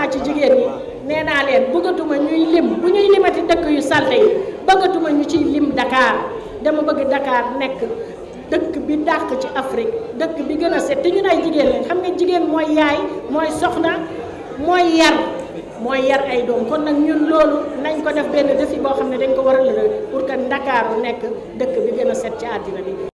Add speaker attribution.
Speaker 1: naa ci jigéen ñi nee naa leen bëggatuma ñuy lim bu ñuy limati dëkk yu salte yi bëggatuma ñu ci lim Dakar dama bëgg Dakar nekk dëkk bi dàq ci Afrique dëkk bi gën a set te ñun ay jigéen lañ xam nga jigéen mooy yaay mooy soxna mooy yar mooy yar ay doom kon nag ñun loolu nañ ko def benn défi boo xam ne dañ ko war a lële pour que Ndakaaru nekk dëkk bi gën a set ci àddina bi.